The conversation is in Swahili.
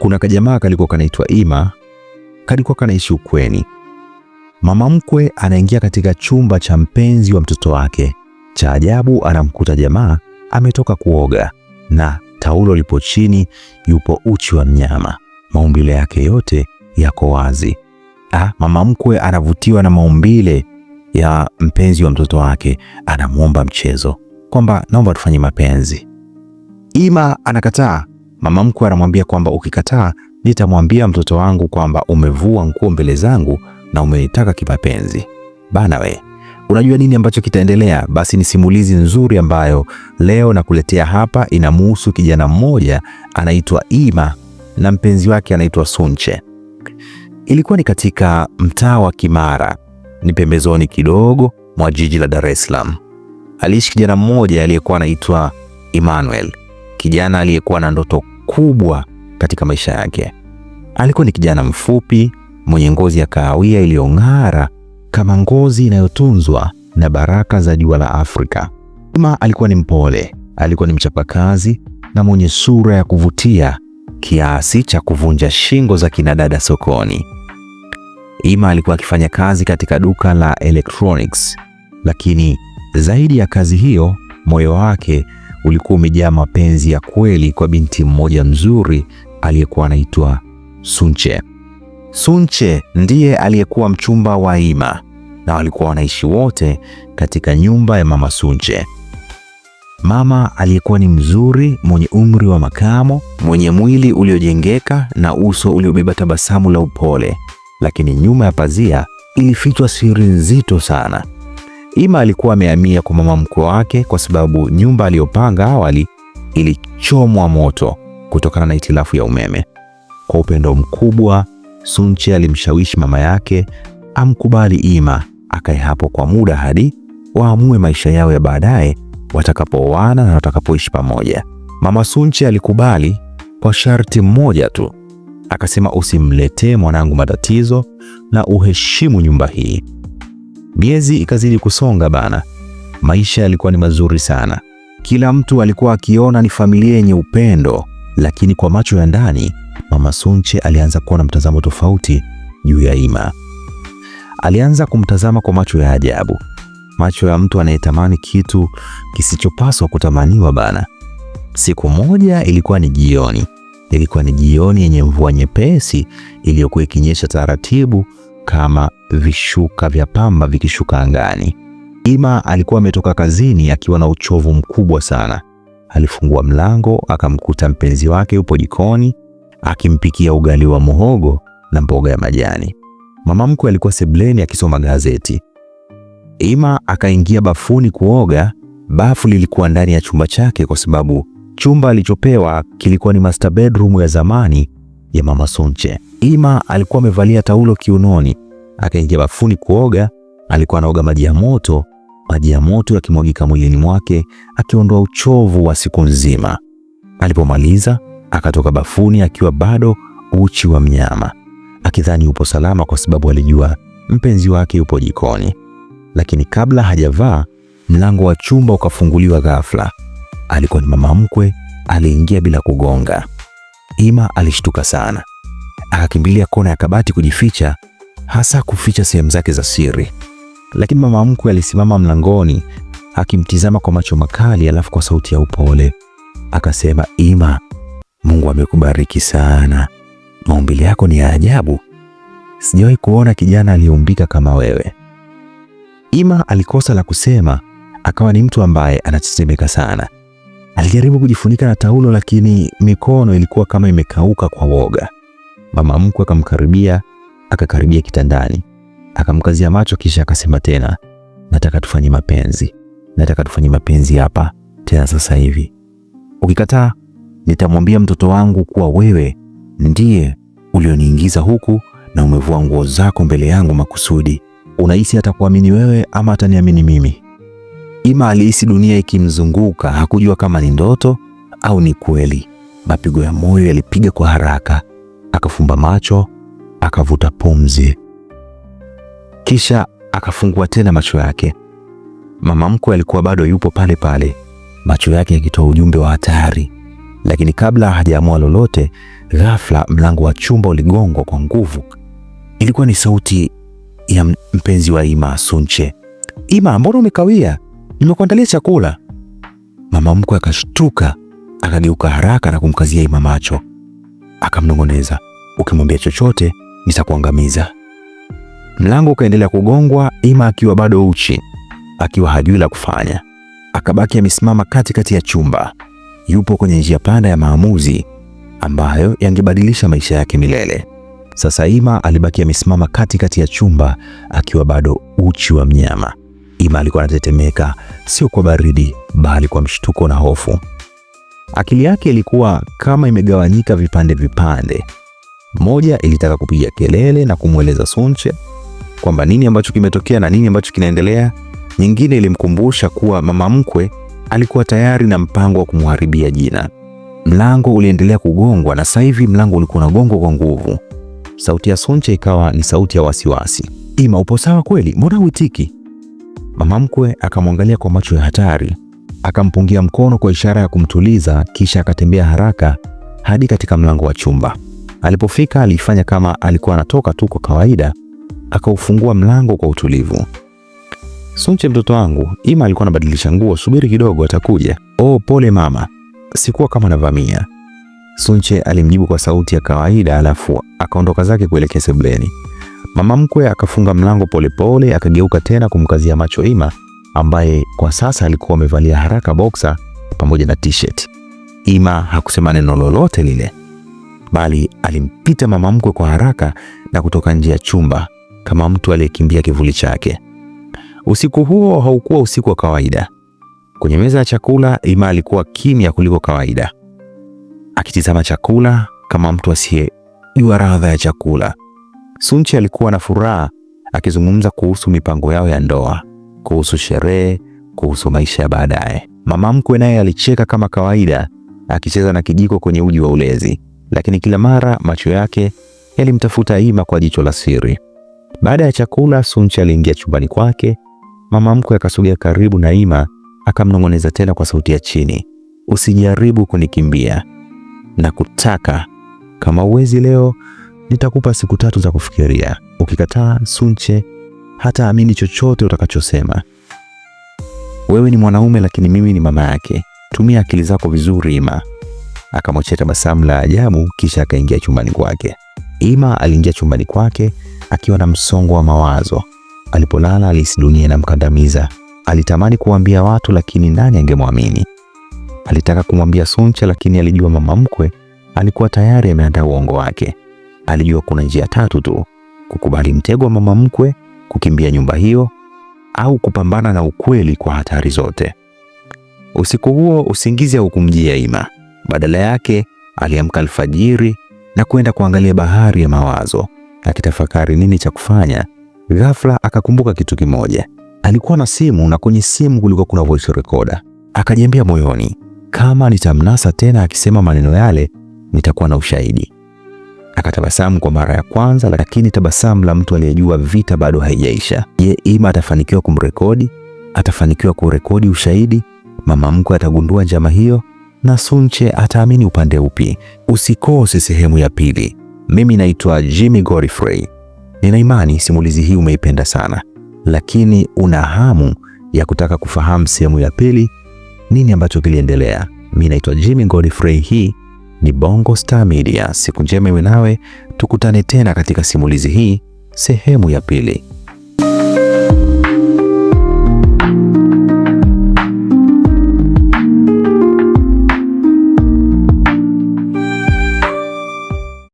Kuna kajamaa kalikuwa kanaitwa Ima, kalikuwa kanaishi ukweni. Mama mkwe anaingia katika chumba cha mpenzi wa mtoto wake. Cha ajabu, anamkuta jamaa ametoka kuoga na taulo lipo chini, yupo uchi wa mnyama, maumbile yake yote yako wazi. Ah, mama mkwe anavutiwa na maumbile ya mpenzi wa mtoto wake, anamwomba mchezo kwamba naomba tufanye mapenzi. Ima anakataa Mama mkwe anamwambia kwamba ukikataa, nitamwambia mtoto wangu kwamba umevua nguo mbele zangu na umeitaka kimapenzi. Bana we, unajua nini ambacho kitaendelea? Basi ni simulizi nzuri ambayo leo nakuletea hapa, inamuhusu kijana mmoja anaitwa Ima na mpenzi wake anaitwa Sunche. Ilikuwa ni katika mtaa wa Kimara, ni pembezoni kidogo mwa jiji la Dar es Salaam. Aliishi kijana mmoja aliyekuwa anaitwa Emmanuel, kijana aliyekuwa na ndoto kubwa katika maisha yake. Alikuwa ni kijana mfupi mwenye ngozi ya kahawia iliyong'ara kama ngozi inayotunzwa na baraka za jua la Afrika. Juma alikuwa ni mpole, alikuwa ni mchapakazi na mwenye sura ya kuvutia kiasi cha kuvunja shingo za kinadada sokoni. Ima alikuwa akifanya kazi katika duka la electronics, lakini zaidi ya kazi hiyo, moyo wake ulikuwa umejaa mapenzi ya kweli kwa binti mmoja mzuri aliyekuwa anaitwa Sunche. Sunche ndiye aliyekuwa mchumba wa Ima na walikuwa wanaishi wote katika nyumba ya mama Sunche. Mama aliyekuwa ni mzuri, mwenye umri wa makamo, mwenye mwili uliojengeka na uso uliobeba tabasamu la upole, lakini nyuma ya pazia ilifichwa siri nzito sana. Ima alikuwa amehamia kwa mama mkwe wake kwa sababu nyumba aliyopanga awali ilichomwa moto kutokana na itilafu ya umeme. Kwa upendo mkubwa, Sunche alimshawishi mama yake amkubali Ima akae hapo kwa muda hadi waamue maisha yao ya baadaye watakapooana na watakapoishi pamoja. Mama Sunche alikubali kwa sharti mmoja tu, akasema, usimletee mwanangu matatizo na uheshimu nyumba hii. Miezi ikazidi kusonga bana. Maisha yalikuwa ni mazuri sana, kila mtu alikuwa akiona ni familia yenye upendo, lakini kwa macho ya ndani Mama Sunche alianza kuwa na mtazamo tofauti juu ya Ima. Alianza kumtazama kwa macho ya ajabu, macho ya mtu anayetamani kitu kisichopaswa kutamaniwa bana. Siku moja ilikuwa ni jioni, ilikuwa ni jioni yenye mvua nyepesi iliyokuwa ikinyesha taratibu kama vishuka vya pamba vikishuka angani. Ima alikuwa ametoka kazini akiwa na uchovu mkubwa sana. Alifungua mlango akamkuta mpenzi wake yupo jikoni akimpikia ugali wa muhogo na mboga ya majani. Mama mkwe alikuwa sebleni akisoma gazeti. Ima akaingia bafuni kuoga. Bafu lilikuwa ndani ya chumba chake kwa sababu chumba alichopewa kilikuwa ni master bedroom ya zamani ya Mama Sunche. Ima alikuwa amevalia taulo kiunoni, akaingia bafuni kuoga. Alikuwa anaoga maji ya moto, maji ya moto yakimwagika mwilini mwake, akiondoa uchovu wa siku nzima. Alipomaliza akatoka bafuni akiwa bado uchi wa mnyama, akidhani yupo salama, kwa sababu alijua mpenzi wake yupo jikoni. Lakini kabla hajavaa, mlango wa chumba ukafunguliwa ghafla. Alikuwa ni mama mkwe, aliingia bila kugonga. Ima alishtuka sana, akakimbilia kona ya kabati kujificha, hasa kuficha sehemu zake za siri. Lakini mama mkwe alisimama mlangoni akimtizama kwa macho makali, alafu kwa sauti ya upole akasema, Ima, Mungu amekubariki sana, maumbile yako ni ya ajabu. Sijawahi kuona kijana aliyeumbika kama wewe. Ima alikosa la kusema, akawa ni mtu ambaye anatetemeka sana. Alijaribu kujifunika na taulo, lakini mikono ilikuwa kama imekauka kwa woga. Mama mkwe akamkaribia, akakaribia kitandani, akamkazia macho, kisha akasema tena, nataka tufanye mapenzi, nataka tufanye mapenzi hapa tena sasa hivi. Ukikataa nitamwambia mtoto wangu kuwa wewe ndiye ulioniingiza huku na umevua nguo zako mbele yangu makusudi. Unahisi atakuamini wewe ama ataniamini mimi? Ima alihisi dunia ikimzunguka, hakujua kama ni ndoto au ni kweli. Mapigo ya moyo yalipiga kwa haraka, akafumba macho, akavuta pumzi, kisha akafungua tena macho yake. Mama mkwe alikuwa bado yupo pale pale, macho yake yakitoa ujumbe wa hatari, lakini kabla hajaamua lolote, ghafla mlango wa chumba uligongwa kwa nguvu. Ilikuwa ni sauti ya mpenzi wa Ima, Sunche. Ima, mbona umekawia? Nimekuandalia chakula. Mama mkwe akashtuka, akageuka haraka na kumkazia Ima macho akamnong'oneza, ukimwambia chochote nitakuangamiza. Mlango ukaendelea kugongwa, Ima akiwa bado uchi, akiwa hajui la kufanya, akabaki amesimama katikati ya chumba. Yupo kwenye njia panda ya maamuzi ambayo yangebadilisha maisha yake milele. Sasa Ima alibaki amesimama katikati ya chumba akiwa bado uchi wa mnyama. Ima alikuwa anatetemeka, sio kwa baridi, bali kwa mshtuko na hofu. Akili yake ilikuwa kama imegawanyika vipande vipande. Moja ilitaka kupiga kelele na kumweleza Sunche kwamba nini ambacho kimetokea na nini ambacho kinaendelea. Nyingine ilimkumbusha kuwa mama mkwe alikuwa tayari na mpango wa kumharibia jina. Mlango uliendelea kugongwa na sasa hivi mlango ulikuwa unagongwa kwa nguvu. Sauti ya Sunche ikawa ni sauti ya wasiwasi. Ima, upo sawa kweli? Mbona uitiki? Mama mkwe akamwangalia kwa macho ya hatari akampungia mkono kwa ishara ya kumtuliza, kisha akatembea haraka hadi katika mlango wa chumba. Alipofika alifanya kama alikuwa anatoka tu kwa kawaida, akaufungua mlango kwa utulivu. Sunche, mtoto wangu, Ima alikuwa anabadilisha nguo, subiri kidogo, atakuja. Oh, pole mama, sikuwa kama navamia, Sunche alimjibu kwa sauti ya kawaida, alafu akaondoka zake kuelekea sebleni. Mama mkwe akafunga mlango polepole, akageuka tena kumkazia macho Ima ambaye kwa sasa alikuwa amevalia haraka boksa pamoja na t-shirt. Ima hakusema neno lolote lile, bali alimpita mama mkwe kwa haraka na kutoka nje ya chumba kama mtu aliyekimbia kivuli chake. Usiku huo haukuwa usiku wa kawaida. Kwenye meza ya chakula, Ima alikuwa kimya kuliko kawaida, akitizama chakula kama mtu asiyejua radha ya chakula. sunchi alikuwa na furaha akizungumza kuhusu mipango yao ya ndoa kuhusu sherehe, kuhusu maisha ya baadaye. Mama mkwe naye alicheka kama kawaida, akicheza na kijiko kwenye uji wa ulezi, lakini kila mara macho yake yalimtafuta Ima kwa jicho la siri. Baada ya chakula, Sunche aliingia chumbani kwake. Mama mkwe akasogea karibu na Ima akamnong'oneza tena kwa sauti ya chini, usijaribu kunikimbia na kutaka. Kama uwezi leo, nitakupa siku tatu za kufikiria. Ukikataa, Sunche hata amini chochote utakachosema. Wewe ni mwanaume, lakini mimi ni mama yake. Tumia akili zako vizuri, Ima. Akamwachia tabasamu la ajabu, kisha akaingia chumbani kwake. Ima aliingia chumbani kwake akiwa na msongo wa mawazo. Alipolala alihisi dunia inamkandamiza. Alitamani kuwaambia watu, lakini nani angemwamini? Alitaka kumwambia suncha lakini alijua mama mkwe alikuwa tayari ameandaa uongo wake. Alijua kuna njia tatu tu: kukubali mtego wa mama mkwe, kukimbia nyumba hiyo au kupambana na ukweli kwa hatari zote. Usiku huo usingizi haukumjia Ima. Badala yake aliamka alfajiri na kwenda kuangalia bahari ya mawazo, akitafakari nini cha kufanya. Ghafla akakumbuka kitu kimoja. Alikuwa na simu na kwenye simu kulikuwa kuna voice recorder. Akajiambia moyoni, kama nitamnasa tena akisema maneno yale, nitakuwa na ushahidi akatabasamu kwa mara ya kwanza, lakini tabasamu la mtu aliyejua vita bado haijaisha. Je, Ima atafanikiwa kumrekodi? Atafanikiwa kurekodi ushahidi? Mama mkwe atagundua njama hiyo? Na Sunche ataamini upande upi? Usikose sehemu ya pili. Mimi naitwa Jimmy Godfrey. Nina imani simulizi hii umeipenda sana, lakini una hamu ya kutaka kufahamu sehemu ya pili, nini ambacho kiliendelea? Mimi naitwa Jimmy Godfrey, hii ni Bongo Star Media. Siku njema iwe nawe, tukutane tena katika simulizi hii sehemu ya pili.